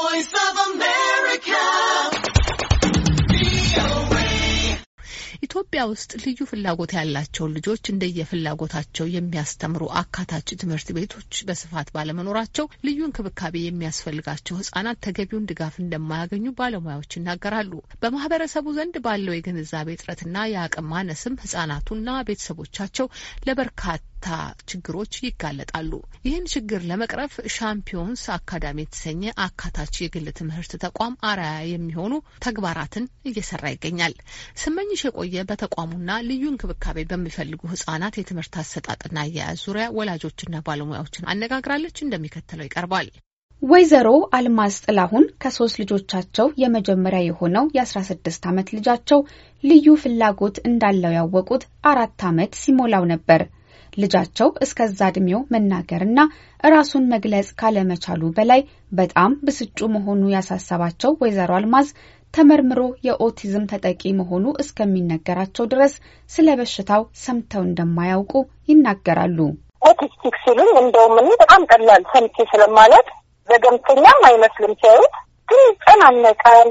voice of America. ኢትዮጵያ ውስጥ ልዩ ፍላጎት ያላቸውን ልጆች እንደየፍላጎታቸው የሚያስተምሩ አካታች ትምህርት ቤቶች በስፋት ባለመኖራቸው ልዩ እንክብካቤ የሚያስፈልጋቸው ህጻናት ተገቢውን ድጋፍ እንደማያገኙ ባለሙያዎች ይናገራሉ። በማህበረሰቡ ዘንድ ባለው የግንዛቤ እጥረትና የአቅም ማነስም ህጻናቱና ቤተሰቦቻቸው ለበርካታ በርካታ ችግሮች ይጋለጣሉ። ይህን ችግር ለመቅረፍ ሻምፒዮንስ አካዳሚ የተሰኘ አካታች የግል ትምህርት ተቋም አርአያ የሚሆኑ ተግባራትን እየሰራ ይገኛል። ስመኝሽ የቆየ በተቋሙና ልዩ እንክብካቤ በሚፈልጉ ህጻናት የትምህርት አሰጣጥና አያያዝ ዙሪያ ወላጆችና ባለሙያዎችን አነጋግራለች። እንደሚከተለው ይቀርባል። ወይዘሮ አልማዝ ጥላሁን ከሶስት ልጆቻቸው የመጀመሪያ የሆነው የ16 ዓመት ልጃቸው ልዩ ፍላጎት እንዳለው ያወቁት አራት ዓመት ሲሞላው ነበር። ልጃቸው እስከዛ ዕድሜው መናገርና ራሱን መግለጽ ካለመቻሉ በላይ በጣም ብስጩ መሆኑ ያሳሰባቸው ወይዘሮ አልማዝ ተመርምሮ የኦቲዝም ተጠቂ መሆኑ እስከሚነገራቸው ድረስ ስለ በሽታው ሰምተው እንደማያውቁ ይናገራሉ። ኦቲስቲክ ሲሉኝ እንደውም እኔ በጣም ቀላል ሰምቼ ስለማለት ዘገምተኛም አይመስልም። ሲያዩት ግን ይጨናነቃል፣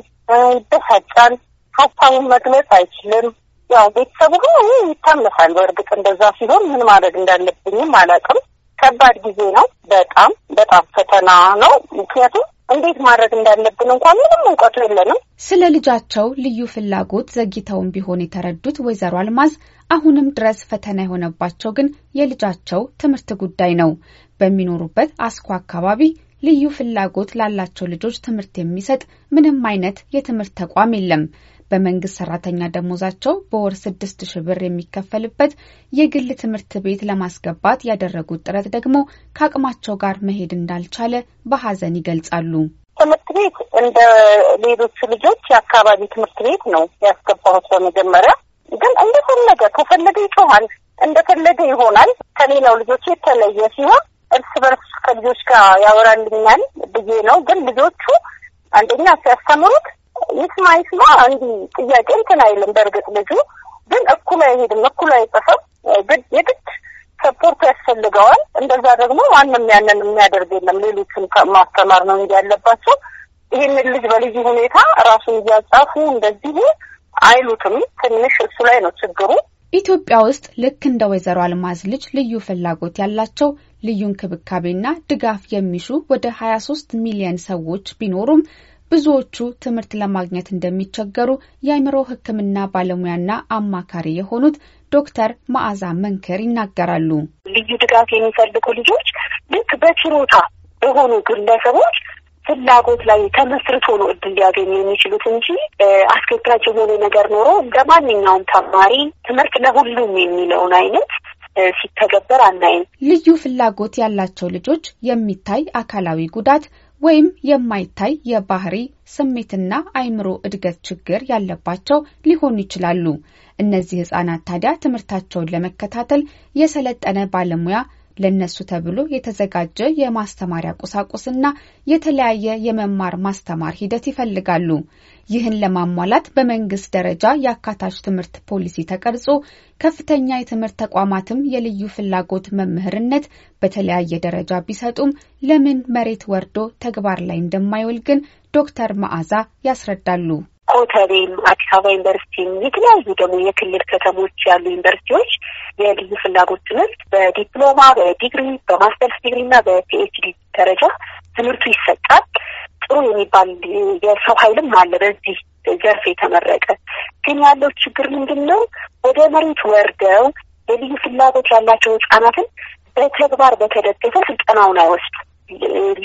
ይበሳጫል፣ ሀሳቡን መግለጽ አይችልም ያው ቤተሰቡ ግን እኔ ይታመሳል። በእርግጥ እንደዛ ሲሆን ምን ማድረግ እንዳለብኝም አላውቅም። ከባድ ጊዜ ነው። በጣም በጣም ፈተና ነው። ምክንያቱም እንዴት ማድረግ እንዳለብን እንኳን ምንም እውቀቱ የለንም። ስለ ልጃቸው ልዩ ፍላጎት ዘግይተውም ቢሆን የተረዱት ወይዘሮ አልማዝ አሁንም ድረስ ፈተና የሆነባቸው ግን የልጃቸው ትምህርት ጉዳይ ነው። በሚኖሩበት አስኮ አካባቢ ልዩ ፍላጎት ላላቸው ልጆች ትምህርት የሚሰጥ ምንም አይነት የትምህርት ተቋም የለም። በመንግስት ሰራተኛ ደሞዛቸው በወር ስድስት ሺ ብር የሚከፈልበት የግል ትምህርት ቤት ለማስገባት ያደረጉት ጥረት ደግሞ ከአቅማቸው ጋር መሄድ እንዳልቻለ በሀዘን ይገልጻሉ። ትምህርት ቤት እንደ ሌሎቹ ልጆች የአካባቢ ትምህርት ቤት ነው ያስገባሁት። በመጀመሪያ ግን እንደፈለገ ከፈለገ ይጮሃል፣ እንደፈለገ ይሆናል። ከሌላው ልጆች የተለየ ሲሆን እርስ በርስ ከልጆች ጋር ያወራልኛል ብዬ ነው። ግን ልጆቹ አንደኛ ሲያስተምሩት ይስማ ይስማ እንዲህ ጥያቄ እንትን አይልም። በእርግጥ ልጁ ግን እኩል አይሄድም፣ እኩል አይጠፋም። የግድ ሰፖርት ያስፈልገዋል። እንደዛ ደግሞ ማንም ያንን የሚያደርግ የለም። ሌሎችን ማስተማር ነው እንጂ ያለባቸው ይህንን ልጅ በልዩ ሁኔታ ራሱን እያጻፉ እንደዚሁ አይሉትም። ትንሽ እሱ ላይ ነው ችግሩ። ኢትዮጵያ ውስጥ ልክ እንደ ወይዘሮ አልማዝ ልጅ ልዩ ፍላጎት ያላቸው ልዩ እንክብካቤና ድጋፍ የሚሹ ወደ 23 ሚሊዮን ሰዎች ቢኖሩም ብዙዎቹ ትምህርት ለማግኘት እንደሚቸገሩ የአእምሮ ሕክምና ባለሙያና አማካሪ የሆኑት ዶክተር መዓዛ መንከር ይናገራሉ። ልዩ ድጋፍ የሚፈልጉ ልጆች ልክ በችሮታ በሆኑ ግለሰቦች ፍላጎት ላይ ተመስርቶ ነው እድል ሊያገኙ የሚችሉት እንጂ አስገዳጅ የሆነ ነገር ኖሮ እንደ ማንኛውም ተማሪ ትምህርት ለሁሉም የሚለውን አይነት ሲተገበር አናይም። ልዩ ፍላጎት ያላቸው ልጆች የሚታይ አካላዊ ጉዳት ወይም የማይታይ የባህሪ ስሜትና አእምሮ እድገት ችግር ያለባቸው ሊሆኑ ይችላሉ። እነዚህ ህጻናት ታዲያ ትምህርታቸውን ለመከታተል የሰለጠነ ባለሙያ ለነሱ ተብሎ የተዘጋጀ የማስተማሪያ ቁሳቁስና የተለያየ የመማር ማስተማር ሂደት ይፈልጋሉ። ይህን ለማሟላት በመንግስት ደረጃ የአካታች ትምህርት ፖሊሲ ተቀርጾ ከፍተኛ የትምህርት ተቋማትም የልዩ ፍላጎት መምህርነት በተለያየ ደረጃ ቢሰጡም ለምን መሬት ወርዶ ተግባር ላይ እንደማይውል ግን ዶክተር መዓዛ ያስረዳሉ። ኮተቤም፣ አዲስ አበባ ዩኒቨርሲቲም የተለያዩ ደግሞ የክልል ከተሞች ያሉ ዩኒቨርሲቲዎች የልዩ ፍላጎት ትምህርት በዲፕሎማ፣ በዲግሪ፣ በማስተርስ ዲግሪ እና በፒኤችዲ ደረጃ ትምህርቱ ይሰጣል። ጥሩ የሚባል የሰው ኃይልም አለ በዚህ ዘርፍ የተመረቀ። ግን ያለው ችግር ምንድን ነው? ወደ መሬት ወርደው የልዩ ፍላጎት ያላቸው ህጻናትን በተግባር በተደገፈ ስልጠናውን አይወስዱ።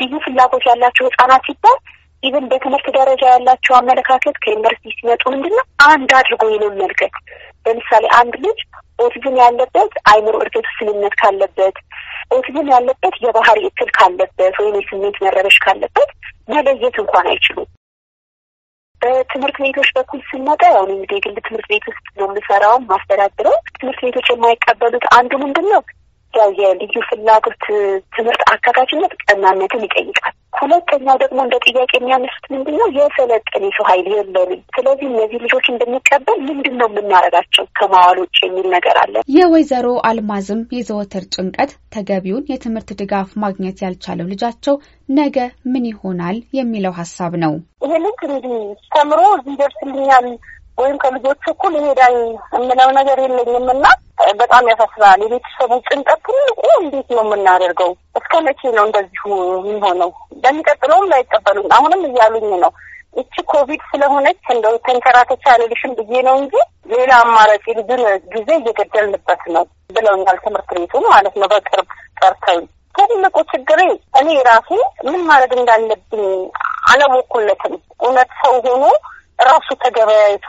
ልዩ ፍላጎት ያላቸው ህጻናት ሲባል ኢቨን በትምህርት ደረጃ ያላቸው አመለካከት ከዩኒቨርሲቲ ሲመጡ ምንድን ነው አንድ አድርጎ የመመልከት ለምሳሌ አንድ ልጅ ኦቲዝም ያለበት አይምሮ እድገት ውስንነት ካለበት፣ ኦቲዝም ያለበት የባህሪ እክል ካለበት ወይም የስሜት መረበሽ ካለበት መለየት እንኳን አይችሉም። በትምህርት ቤቶች በኩል ስንመጣ ያሁን እንግዲህ የግል ትምህርት ቤት ውስጥ ነው የምሰራውም ማስተዳድረው። ትምህርት ቤቶች የማይቀበሉት አንዱ ምንድን ነው ያው የልዩ ፍላጎት ትምህርት አካታችነት ቀናነትን ይጠይቃል። ሁለተኛው ደግሞ እንደ ጥያቄ የሚያነሱት ምንድን ነው? የሰለጠነ የሰው ኃይል የለንም። ስለዚህ እነዚህ ልጆች እንደሚቀበል ምንድን ነው የምናረጋቸው ከማዋል ውጭ የሚል ነገር አለ። የወይዘሮ አልማዝም የዘወትር ጭንቀት ተገቢውን የትምህርት ድጋፍ ማግኘት ያልቻለው ልጃቸው ነገ ምን ይሆናል የሚለው ሀሳብ ነው። ይህንን ተምሮ እዚህ ደርስልኛል ወይም ከልጆቹ እኩል ይሄዳል የምለው ነገር የለኝም እና በጣም ያሳስባል። የቤተሰቡ ጭንቀት ትልቁ እንዴት ነው የምናደርገው? እስከ መቼ ነው እንደዚሁ የሚሆነው? በሚቀጥለውም ላይቀበሉኝ አሁንም እያሉኝ ነው። እቺ ኮቪድ ስለሆነች እንደው ተንከራተቻ አልልሽም ብዬ ነው እንጂ ሌላ አማራጭ ልጁን ጊዜ እየገደልንበት ነው ብለውኛል። ትምህርት ቤቱ ማለት ነው በቅርብ ጠርተው ትልቁ ችግሬ እኔ ራሴ ምን ማድረግ እንዳለብኝ አላወኩለትም። እውነት ሰው ሆኖ ራሱ ተገበያይቶ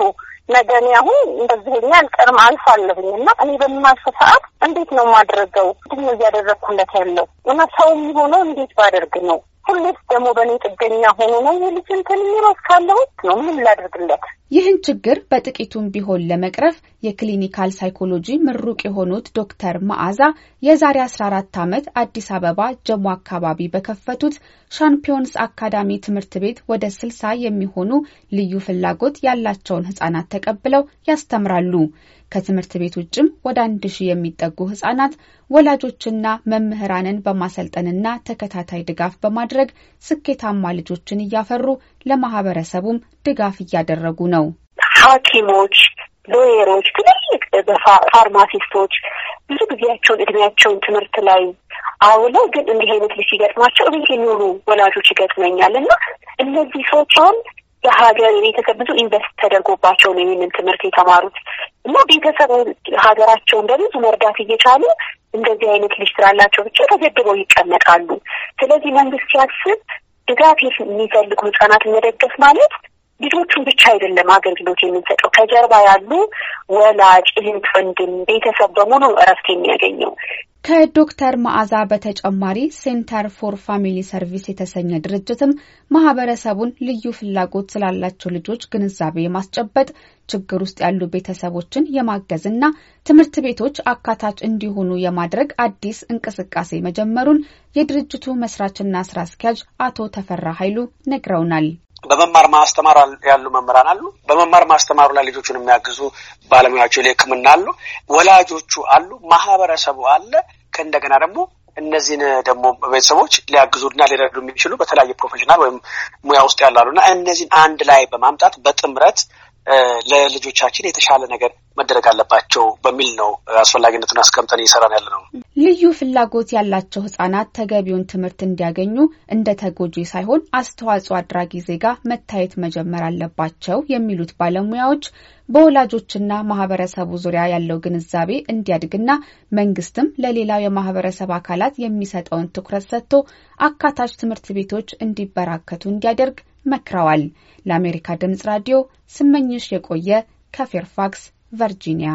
ነገ እኔ አሁን እንደዚህ ኛ አልቀርም አልፋለሁኝ እና እኔ በማልፍ ሰዓት እንዴት ነው ማድረገው? ምንድን ነው እያደረግኩለት ያለው እና ሰው የሚሆነው እንዴት ባደርግ ነው? ሁሌት ደግሞ በእኔ ጥገኛ ሆኖ ነው የልጅ እንትን የሚለው እስካለሁት ነው ምን ላደርግለት ይህን ችግር በጥቂቱም ቢሆን ለመቅረፍ የክሊኒካል ሳይኮሎጂ ምሩቅ የሆኑት ዶክተር መዓዛ የዛሬ 14 ዓመት አዲስ አበባ ጀሞ አካባቢ በከፈቱት ሻምፒዮንስ አካዳሚ ትምህርት ቤት ወደ 60 የሚሆኑ ልዩ ፍላጎት ያላቸውን ህጻናት ተቀብለው ያስተምራሉ። ከትምህርት ቤት ውጭም ወደ አንድ ሺህ የሚጠጉ ህጻናት ወላጆችና መምህራንን በማሰልጠንና ተከታታይ ድጋፍ በማድረግ ስኬታማ ልጆችን እያፈሩ ለማህበረሰቡም ድጋፍ እያደረጉ ነው። ሐኪሞች፣ ሎየሮች፣ ትልልቅ ፋርማሲስቶች ብዙ ጊዜያቸውን እድሜያቸውን ትምህርት ላይ አውለው ግን እንዲህ አይነት ልጅ ሲገጥማቸው እቤት የሚሆኑ ወላጆች ይገጥመኛል እና እነዚህ ሰዎች አሁን የሀገር ቤተሰብ ብዙ ኢንቨስት ተደርጎባቸው ነው ይህንን ትምህርት የተማሩት እና ቤተሰብ ሀገራቸውን በብዙ መርዳት እየቻሉ እንደዚህ አይነት ልጅ ስላላቸው ብቻ ተገድበው ይቀመጣሉ። ስለዚህ መንግስት ሲያስብ ድጋፍ የሚፈልጉ ህጻናት መደገፍ ማለት ልጆቹን ብቻ አይደለም አገልግሎት የምንሰጠው። ከጀርባ ያሉ ወላጅ፣ እህት፣ ወንድም፣ ቤተሰብ በሙሉ እረፍት የሚያገኘው ከዶክተር መዓዛ በተጨማሪ ሴንተር ፎር ፋሚሊ ሰርቪስ የተሰኘ ድርጅትም ማህበረሰቡን ልዩ ፍላጎት ስላላቸው ልጆች ግንዛቤ የማስጨበጥ ችግር ውስጥ ያሉ ቤተሰቦችን የማገዝ እና ትምህርት ቤቶች አካታች እንዲሆኑ የማድረግ አዲስ እንቅስቃሴ መጀመሩን የድርጅቱ መስራችና ስራ አስኪያጅ አቶ ተፈራ ኃይሉ ነግረውናል። በመማር ማስተማር ያሉ መምህራን አሉ። በመማር ማስተማሩ ላይ ልጆቹን የሚያግዙ ባለሙያቸው የሕክምና አሉ። ወላጆቹ አሉ። ማህበረሰቡ አለ። ከእንደገና ደግሞ እነዚህን ደግሞ ቤተሰቦች ሊያግዙና ሊረዱ የሚችሉ በተለያየ ፕሮፌሽናል ወይም ሙያ ውስጥ ያሉ እና እነዚህን አንድ ላይ በማምጣት በጥምረት ለልጆቻችን የተሻለ ነገር መደረግ አለባቸው በሚል ነው አስፈላጊነቱን አስቀምጠን እየሰራን ያለ ነው። ልዩ ፍላጎት ያላቸው ህጻናት ተገቢውን ትምህርት እንዲያገኙ እንደ ተጎጂ ሳይሆን አስተዋጽኦ አድራጊ ዜጋ መታየት መጀመር አለባቸው የሚሉት ባለሙያዎች በወላጆችና ማህበረሰቡ ዙሪያ ያለው ግንዛቤ እንዲያድግና መንግስትም ለሌላው የማህበረሰብ አካላት የሚሰጠውን ትኩረት ሰጥቶ አካታች ትምህርት ቤቶች እንዲበራከቱ እንዲያደርግ መክረዋል። ለአሜሪካ ድምጽ ራዲዮ ስመኝሽ የቆየ ከፌርፋክስ ቨርጂኒያ